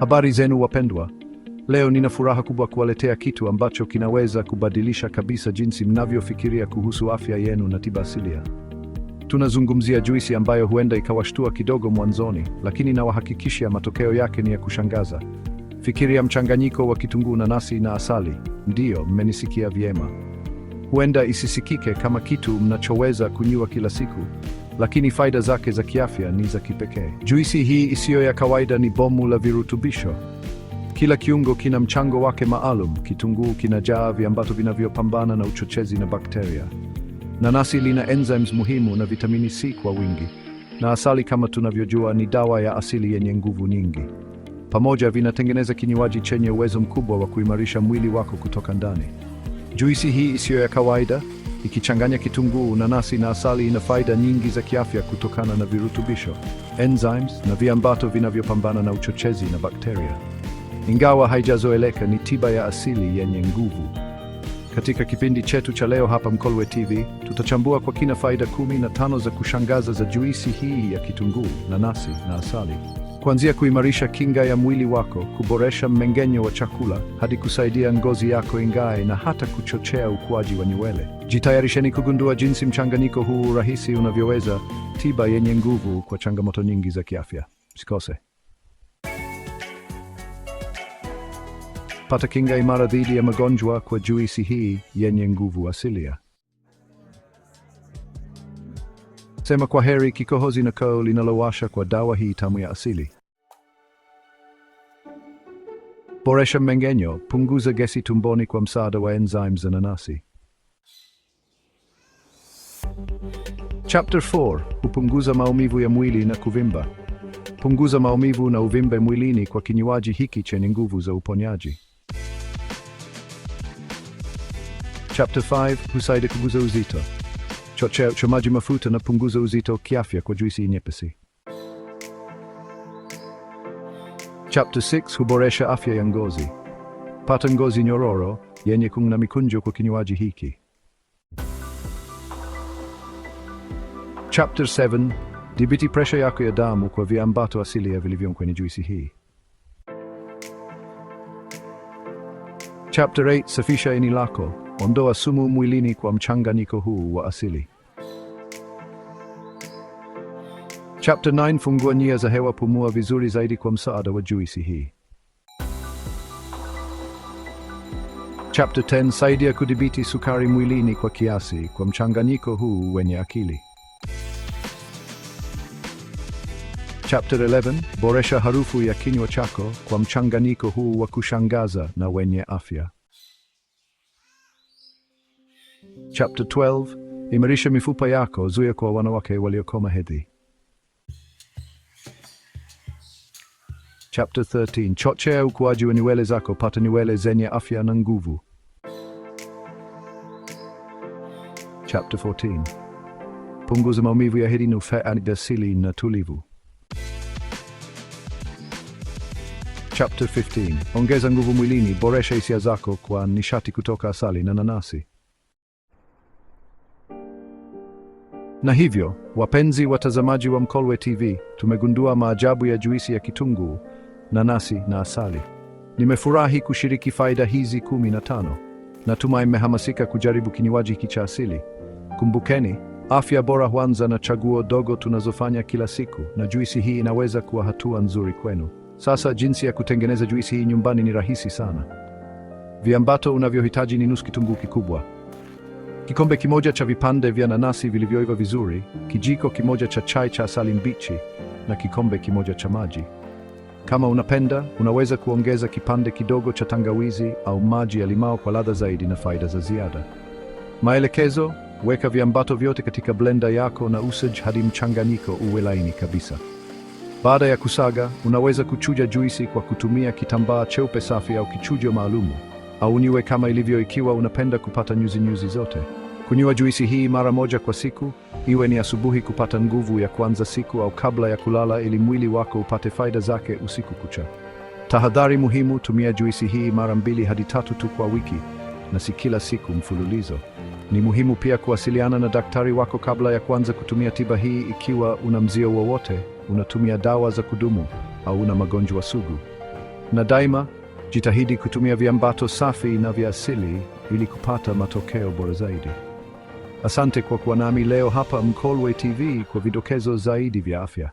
Habari zenu wapendwa. Leo nina furaha kubwa kuwaletea kitu ambacho kinaweza kubadilisha kabisa jinsi mnavyofikiria kuhusu afya yenu na tiba asilia. Tunazungumzia juisi ambayo huenda ikawashtua kidogo mwanzoni, lakini nawahakikishia matokeo yake ni ya kushangaza. Fikiria mchanganyiko wa kitunguu, na nasi na asali. Ndiyo, mmenisikia vyema. Huenda isisikike kama kitu mnachoweza kunywa kila siku, lakini faida zake za kiafya ni za kipekee. Juisi hii isiyo ya kawaida ni bomu la virutubisho. Kila kiungo kina mchango wake maalum. Kitunguu kinajaa viambato vinavyopambana na uchochezi na bakteria. Nanasi lina enzymes muhimu na vitamini C kwa wingi, na asali, kama tunavyojua, ni dawa ya asili yenye nguvu nyingi. Pamoja vinatengeneza kinywaji chenye uwezo mkubwa wa kuimarisha mwili wako kutoka ndani. Juisi hii isiyo ya kawaida ikichanganya kitunguu, nanasi na asali ina faida nyingi za kiafya kutokana na virutubisho, enzymes na viambato vinavyopambana na uchochezi na bakteria. Ingawa haijazoeleka, ni tiba ya asili yenye nguvu. Katika kipindi chetu cha leo hapa Mkolwe TV tutachambua kwa kina faida kumi na tano za kushangaza za juisi hii ya kitunguu, nanasi na asali kuanzia kuimarisha kinga ya mwili wako, kuboresha mmeng'enyo wa chakula hadi kusaidia ngozi yako ing'ae na hata kuchochea ukuaji wa nywele. Jitayarisheni kugundua jinsi mchanganyiko huu rahisi unavyoweza tiba yenye nguvu kwa changamoto nyingi za kiafya. Msikose. Pata kinga imara dhidi ya magonjwa kwa juisi hii yenye nguvu asilia. Sema kwa heri kikohozi na koo linalowasha kwa dawa hii tamu ya asili. Boresha mmeng'enyo, punguza gesi tumboni kwa msaada wa enzyme za nanasi. Chapter 4: hupunguza maumivu ya mwili na kuvimba. Punguza maumivu na uvimbe mwilini kwa kinywaji hiki chenye nguvu za uponyaji. Chapter 5: husaidia kuguza uzito. Chocheo uchomaji mafuta na punguza uzito kiafya kwa juisi nyepesi. Chapter 6 huboresha afya ya ngozi. Pata ngozi nyororo yenye kung'aa na mikunjo kwa kinywaji hiki. Chapter 7 dhibiti presha yako ya damu kwa viambato asilia vilivyo kwenye juisi hii. Chapter 8 safisha ini lako, ondoa sumu mwilini kwa mchanganyiko huu wa asili. Chapter 9 Fungua nia za hewa, pumua vizuri zaidi kwa msaada wa juisi hii. Chapter 10 saidia kudhibiti sukari mwilini kwa kiasi kwa mchanganyiko huu wenye akili. Chapter 11 boresha harufu ya kinywa chako kwa mchanganyiko huu wa kushangaza na wenye afya. Chapter 12 imarisha mifupa yako, zuia kwa wanawake waliokoma hedhi. Chapter 13. Chochea ukuaji wa nywele zako, pata nywele zenye afya na nguvu. Chapter 14. Punguza maumivu ya hedhi, nufaa ya asili na tulivu. Chapter 15. Ongeza nguvu mwilini, boresha hisia zako kwa nishati kutoka asali na nanasi. Na hivyo, wapenzi watazamaji wa Mkolwe TV, tumegundua maajabu ya juisi ya kitunguu nanasi na asali. Nimefurahi kushiriki faida hizi kumi na tano. Natumai mmehamasika kujaribu kinywaji hiki cha asili. Kumbukeni, afya bora huanza na chaguo dogo tunazofanya kila siku, na juisi hii inaweza kuwa hatua nzuri kwenu. Sasa, jinsi ya kutengeneza juisi hii nyumbani ni rahisi sana. Viambato unavyohitaji ni nusu kitunguu kikubwa, kikombe kimoja cha vipande vya nanasi vilivyoiva vizuri, kijiko kimoja cha chai cha asali mbichi na kikombe kimoja cha maji. Kama unapenda, unaweza kuongeza kipande kidogo cha tangawizi au maji ya limao kwa ladha zaidi na faida za ziada. Maelekezo: weka viambato vyote katika blender yako na usage hadi mchanganyiko uwe laini kabisa. Baada ya kusaga, unaweza kuchuja juisi kwa kutumia kitambaa cheupe safi au kichujo maalumu, au niwe kama ilivyo ikiwa unapenda kupata nyuzinyuzi zote. Kunywa juisi hii mara moja kwa siku, iwe ni asubuhi kupata nguvu ya kuanza siku au kabla ya kulala, ili mwili wako upate faida zake usiku kucha. Tahadhari muhimu: tumia juisi hii mara mbili hadi tatu tu kwa wiki na si kila siku mfululizo. Ni muhimu pia kuwasiliana na daktari wako kabla ya kuanza kutumia tiba hii ikiwa una mzio wowote, unatumia dawa za kudumu au una magonjwa sugu. Na daima jitahidi kutumia viambato safi na vya asili ili kupata matokeo bora zaidi. Asante kwa kuwa nami leo hapa Mkolwe TV kwa vidokezo zaidi vya afya.